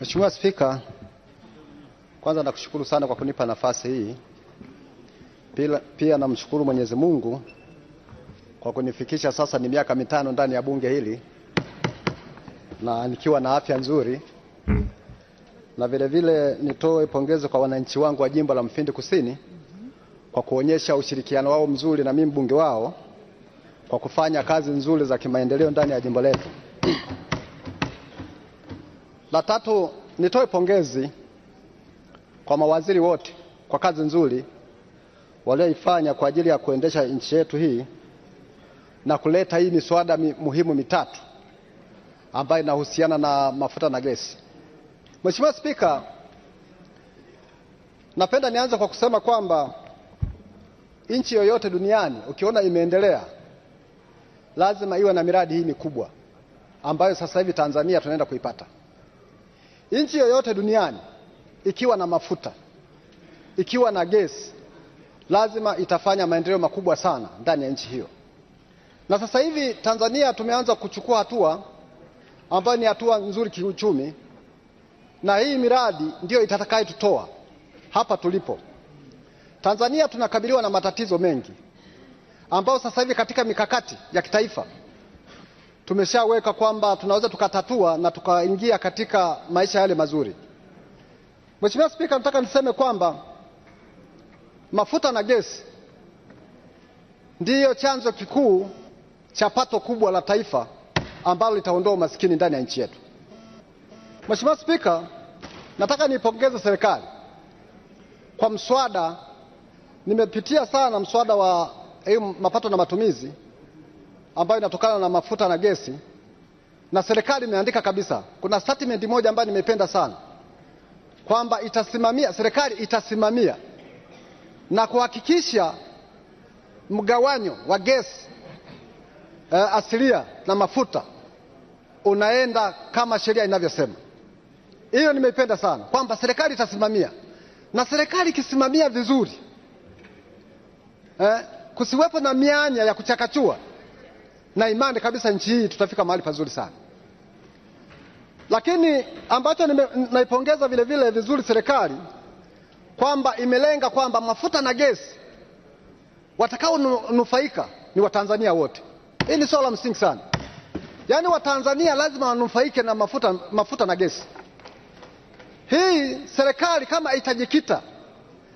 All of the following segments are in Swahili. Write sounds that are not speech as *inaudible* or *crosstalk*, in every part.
Mheshimiwa Spika, kwanza nakushukuru sana kwa kunipa nafasi hii. Pia, pia namshukuru Mwenyezi Mungu kwa kunifikisha sasa ni miaka mitano ndani ya bunge hili na nikiwa na afya nzuri, na vilevile nitoe pongezi kwa wananchi wangu wa jimbo la Mfindi Kusini kwa kuonyesha ushirikiano wao mzuri na mimi mbunge wao kwa kufanya kazi nzuri za kimaendeleo ndani ya jimbo letu. La tatu, nitoe pongezi kwa mawaziri wote kwa kazi nzuri walioifanya kwa ajili ya kuendesha nchi yetu hii na kuleta hii miswada muhimu mitatu ambayo inahusiana na mafuta na gesi. Mheshimiwa Spika, napenda nianze kwa kusema kwamba nchi yoyote duniani ukiona imeendelea lazima iwe na miradi hii mikubwa ambayo sasa hivi Tanzania tunaenda kuipata. Nchi yoyote duniani ikiwa na mafuta, ikiwa na gesi, lazima itafanya maendeleo makubwa sana ndani ya nchi hiyo. Na sasa hivi Tanzania tumeanza kuchukua hatua ambayo ni hatua nzuri kiuchumi, na hii miradi ndiyo itakayotutoa hapa tulipo. Tanzania tunakabiliwa na matatizo mengi ambayo sasa hivi katika mikakati ya kitaifa tumeshaweka kwamba tunaweza tukatatua na tukaingia katika maisha yale mazuri. Mheshimiwa Spika, nataka niseme kwamba mafuta na gesi ndiyo chanzo kikuu cha pato kubwa la taifa ambalo litaondoa umasikini ndani ya nchi yetu. Mheshimiwa Spika, nataka niipongeze serikali kwa mswada. Nimepitia sana mswada wa eh, mapato na matumizi ambayo inatokana na mafuta na gesi, na serikali imeandika kabisa. Kuna statement moja ambayo nimependa sana kwamba itasimamia, serikali itasimamia na kuhakikisha mgawanyo wa gesi uh, asilia na mafuta unaenda kama sheria inavyosema. Hiyo nimeipenda sana kwamba serikali itasimamia, na serikali ikisimamia vizuri eh, kusiwepo na mianya ya kuchakachua na imani kabisa nchi hii tutafika mahali pazuri sana. Lakini ambacho naipongeza vile vile vizuri serikali kwamba imelenga kwamba mafuta na gesi watakaonufaika ni Watanzania wote. Hii ni swala la msingi sana, yaani Watanzania lazima wanufaike na mafuta, mafuta na gesi. Hii serikali kama itajikita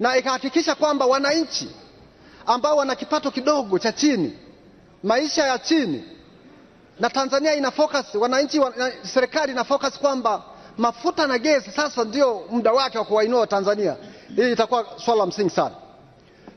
na ikahakikisha kwamba wananchi ambao wana kipato kidogo cha chini maisha ya chini, na Tanzania ina focus, wananchi wana, serikali ina focus kwamba mafuta na gesi sasa ndio muda wake wa kuwainua Tanzania. Hii itakuwa swala la msingi sana,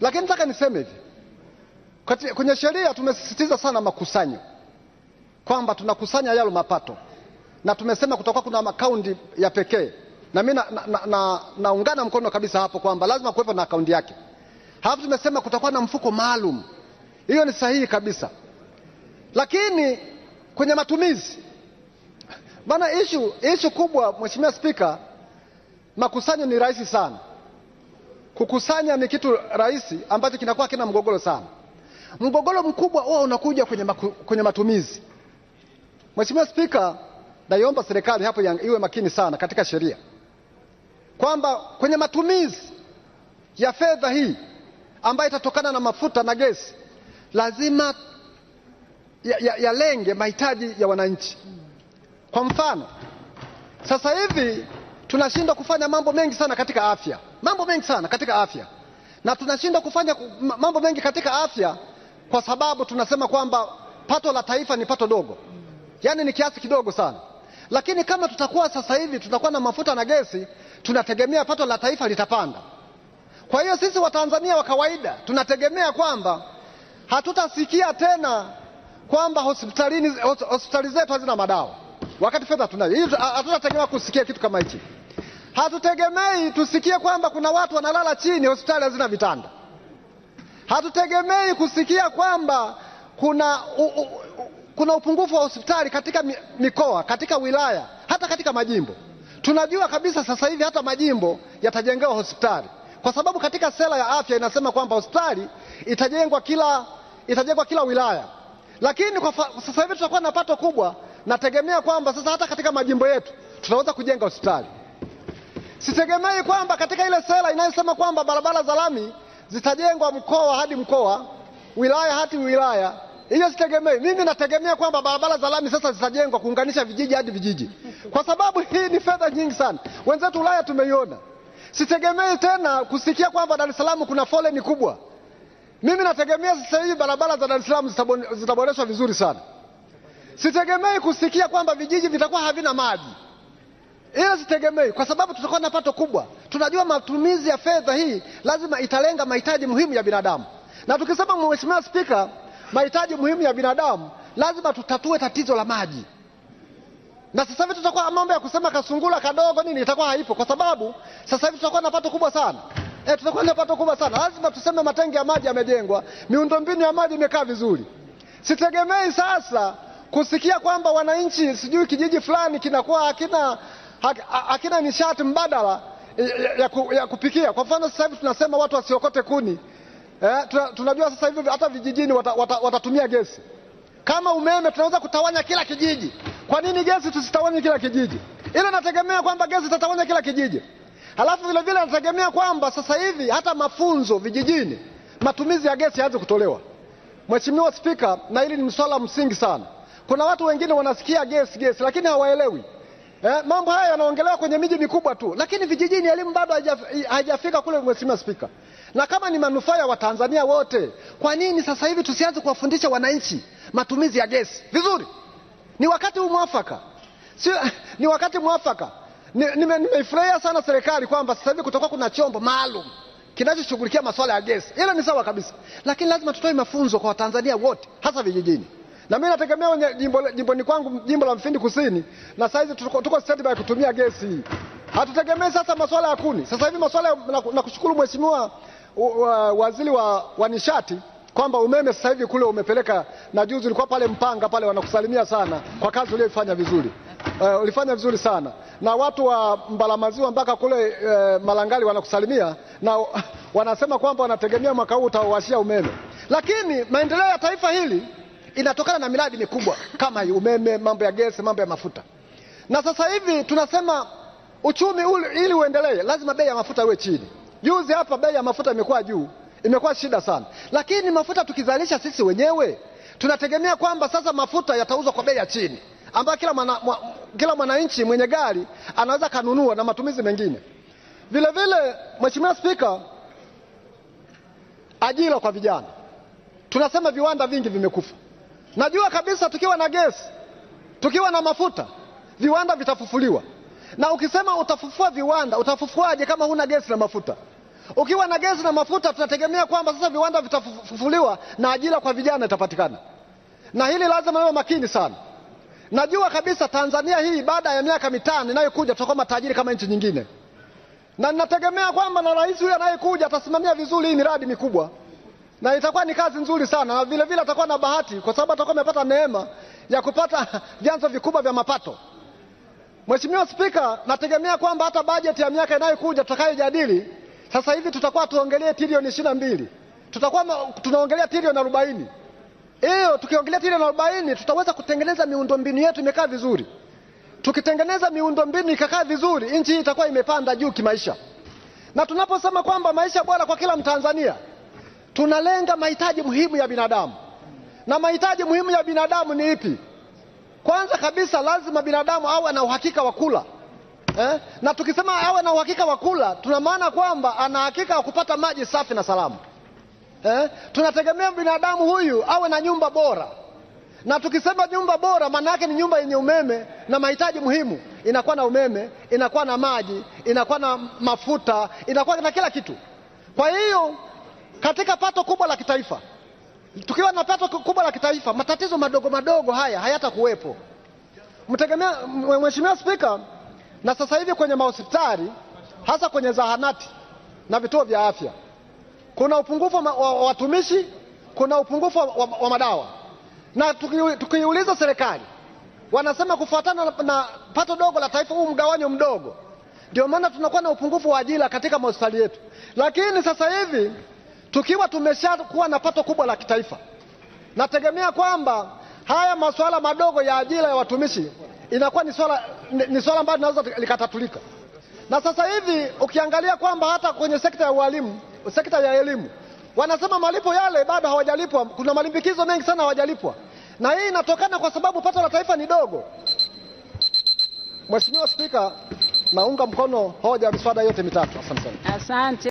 lakini nataka niseme hivi, kwenye sheria tumesisitiza sana makusanyo, kwamba tunakusanya yalo mapato, na tumesema kutakuwa kuna akaunti ya pekee, na mimi naungana na, na, na mkono kabisa hapo kwamba lazima kuwepo na akaunti yake. Halafu tumesema kutakuwa na mfuko maalum hiyo ni sahihi kabisa, lakini kwenye matumizi maana ishu, ishu kubwa Mheshimiwa Spika, makusanyo ni rahisi sana kukusanya, ni kitu rahisi ambacho kinakuwa kina mgogoro sana. Mgogoro mkubwa huwa unakuja kwenye, maku, kwenye matumizi. Mheshimiwa Spika, naiomba serikali hapo iwe makini sana katika sheria kwamba kwenye matumizi ya fedha hii ambayo itatokana na mafuta na gesi lazima yalenge ya, ya mahitaji ya wananchi. Kwa mfano, sasa hivi tunashindwa kufanya mambo mengi sana katika afya, mambo mengi sana katika afya, na tunashindwa kufanya mambo mengi katika afya kwa sababu tunasema kwamba pato la taifa ni pato dogo, yaani ni kiasi kidogo sana. Lakini kama tutakuwa sasa hivi tutakuwa na mafuta na gesi, tunategemea pato la taifa litapanda. Kwa hiyo sisi Watanzania wa kawaida tunategemea kwamba hatutasikia tena kwamba hospitalini hospitali zetu hazina madawa wakati fedha tunayo. Hiyo hatutategemea kusikia kitu kama hichi. Hatutegemei tusikie kwamba kuna watu wanalala chini, hospitali hazina vitanda. Hatutegemei kusikia kwamba kuna u, u, u, kuna upungufu wa hospitali katika mikoa, katika wilaya, hata katika majimbo. Tunajua kabisa sasa hivi hata majimbo yatajengewa hospitali, kwa sababu katika sera ya afya inasema kwamba hospitali itajengwa kila itajengwa kila wilaya, lakini kwa sasa hivi tutakuwa na pato kubwa. Nategemea kwamba sasa hata katika majimbo yetu tutaweza kujenga hospitali. Sitegemei kwamba katika ile sera inayosema kwamba barabara za lami zitajengwa mkoa hadi mkoa, wilaya hadi wilaya, hiyo sitegemei. Mimi nategemea kwamba barabara za lami sasa zitajengwa kuunganisha vijiji hadi vijiji, kwa sababu hii ni fedha nyingi sana. Wenzetu Ulaya tumeiona. Sitegemei tena kusikia kwamba Dar es Salaam kuna foleni kubwa. Mimi nategemea sasa hivi barabara za Dar es Salaam zitaboreshwa vizuri sana. Sitegemei kusikia kwamba vijiji vitakuwa havina maji, ila sitegemei, kwa sababu tutakuwa na pato kubwa. Tunajua matumizi ya fedha hii lazima italenga mahitaji muhimu ya binadamu, na tukisema, Mheshimiwa Spika, mahitaji muhimu ya binadamu, lazima tutatue tatizo la maji na sasa hivi tutakuwa mambo ya kusema kasungula kadogo nini itakuwa haipo, kwa sababu sasa hivi tutakuwa na pato kubwa sana e, eh, tutakuwa na pato kubwa sana. Lazima tuseme matangi ya maji yamejengwa, miundombinu ya maji imekaa vizuri. Sitegemei sasa kusikia kwamba wananchi, sijui kijiji fulani kinakuwa hakina hakina nishati mbadala eh, ya, ya, ya kupikia. Kwa mfano sasa hivi tunasema watu wasiokote kuni eh, tunajua sasa hivi hata vijijini watatumia wata, wata gesi. Kama umeme tunaweza kutawanya kila kijiji, kwa nini gesi tusitawanye kila kijiji? Ile nategemea kwamba gesi tatawanya kila kijiji. Halafu vile vile anategemea kwamba sasa hivi hata mafunzo vijijini, matumizi ya gesi yaanze kutolewa. Mheshimiwa Spika, na hili ni mswala msingi sana. Kuna watu wengine wanasikia gesi gesi, lakini hawaelewi eh, mambo haya yanaongelewa kwenye miji mikubwa tu, lakini vijijini elimu bado haijafika kule. Mheshimiwa Spika, na kama ni manufaa ya Watanzania wote, kwa nini sasa hivi tusianze kuwafundisha wananchi matumizi ya gesi vizuri? Ni wakati mwafaka, sio? *laughs* Ni wakati mwafaka Nimeifurahia sana serikali kwamba sasa hivi kutakuwa kuna chombo maalum kinachoshughulikia masuala ya gesi. Hilo ni sawa kabisa, lakini lazima tutoe mafunzo kwa Watanzania wote, hasa vijijini. Na mimi nategemea wenye jimboni kwangu, jimbo la Mfindi Kusini, na sasa hizi tuko, tuko standby kutumia gesi hii. Hatutegemei sasa masuala ya kuni. Sasa hivi masuala na, na kushukuru mheshimiwa waziri wa, wa nishati kwamba umeme sasa hivi kule umepeleka, na juzi ulikuwa pale Mpanga pale, wanakusalimia sana kwa kazi uliyoifanya vizuri uh, ulifanya vizuri sana na watu wa Mbalamaziwa mpaka kule uh, Malangali wanakusalimia na uh, *laughs* wanasema kwamba wanategemea mwaka huu utawashia umeme, lakini maendeleo ya taifa hili inatokana na miradi mikubwa kama umeme, mambo ya gesi, mambo ya mafuta. Na sasa hivi tunasema uchumi ule, ili uendelee lazima bei ya mafuta iwe chini. Juzi hapa bei ya mafuta imekuwa juu, imekuwa shida sana, lakini mafuta tukizalisha sisi wenyewe tunategemea kwamba sasa mafuta yatauzwa kwa bei ya chini ambayo kila mwana, mwa, kila mwananchi mwenye gari anaweza kanunua na matumizi mengine. Vile vile, Mheshimiwa Spika, ajira kwa vijana, tunasema viwanda vingi vimekufa. Najua kabisa tukiwa na gesi, tukiwa na mafuta, viwanda vitafufuliwa. Na ukisema utafufua viwanda, utafufuaje kama huna gesi na mafuta? Ukiwa na gesi na mafuta, tunategemea kwamba sasa viwanda vitafufuliwa na ajira kwa vijana itapatikana, na hili lazima iwe makini sana. Najua kabisa Tanzania hii baada ya miaka mitano inayokuja tutakuwa matajiri kama nchi nyingine, na ninategemea kwamba na rais huyu anayekuja atasimamia vizuri hii miradi mikubwa, na itakuwa ni kazi nzuri sana, na vile vile atakuwa na bahati kwa sababu atakuwa amepata neema ya kupata *laughs* vyanzo vikubwa vya mapato. Mheshimiwa Spika, nategemea kwamba hata bajeti ya miaka inayokuja tutakayojadili sasa hivi tutakuwa tuongelee trilioni ishirini na mbili, tutakuwa tunaongelea trilioni arobaini hiyo tukiongelea na arobaini tutaweza kutengeneza miundombinu yetu imekaa vizuri. Tukitengeneza miundombinu ikakaa vizuri, nchi hii itakuwa imepanda juu kimaisha. Na tunaposema kwamba maisha bora kwa kila Mtanzania, tunalenga mahitaji muhimu ya binadamu. Na mahitaji muhimu ya binadamu ni ipi? Kwanza kabisa lazima binadamu awe na uhakika wa kula eh? Na tukisema awe na uhakika wa kula, tuna maana kwamba ana hakika kupata maji safi na salama eh? Tunategemea binadamu huyu awe na nyumba bora, na tukisema nyumba bora, maana yake ni nyumba yenye umeme na mahitaji muhimu. Inakuwa na umeme, inakuwa na maji, inakuwa na mafuta, inakuwa na kila kitu. Kwa hiyo katika pato kubwa la kitaifa, tukiwa na pato kubwa la kitaifa, matatizo madogo madogo haya hayatakuwepo. Mtegemea Mheshimiwa Spika, na sasa hivi kwenye mahospitali hasa kwenye zahanati na vituo vya afya kuna upungufu wa watumishi, kuna upungufu wa, wa, wa madawa, na tukiuliza serikali wanasema kufuatana na, na pato dogo la taifa huu mgawanyo mdogo, ndio maana tunakuwa na upungufu wa ajira katika mahospitali yetu. Lakini sasa hivi tukiwa tumeshakuwa na pato kubwa la kitaifa, nategemea kwamba haya masuala madogo ya ajira ya watumishi inakuwa ni swala ni swala ambalo linaweza likatatulika. Na sasa hivi ukiangalia kwamba hata kwenye sekta ya ualimu sekta ya elimu, wanasema malipo yale bado hawajalipwa. Kuna malimbikizo mengi sana hawajalipwa, na hii inatokana kwa sababu pato la taifa ni dogo. Mheshimiwa Spika, naunga mkono hoja ya miswada yote mitatu. Asante sana. Asante.